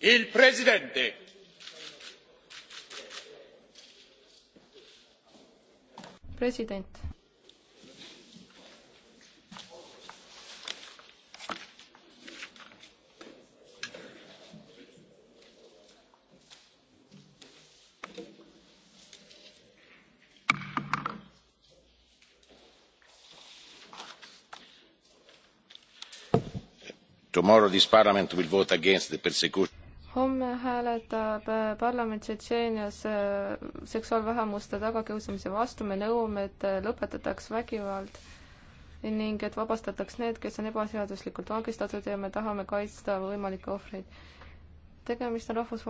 il presidente president tomorrow this parliament will vote against the persecution homme hääletab äh, parlament Tšetšeenias äh, seksuaalvähemuste tagakiusamise vastu, me nõuame, et äh, lõpetataks vägivald ning et vabastataks need, kes on ebaseaduslikult vangistatud ja me tahame kaitsta võimalikke ohvreid. tegemist on rahvus-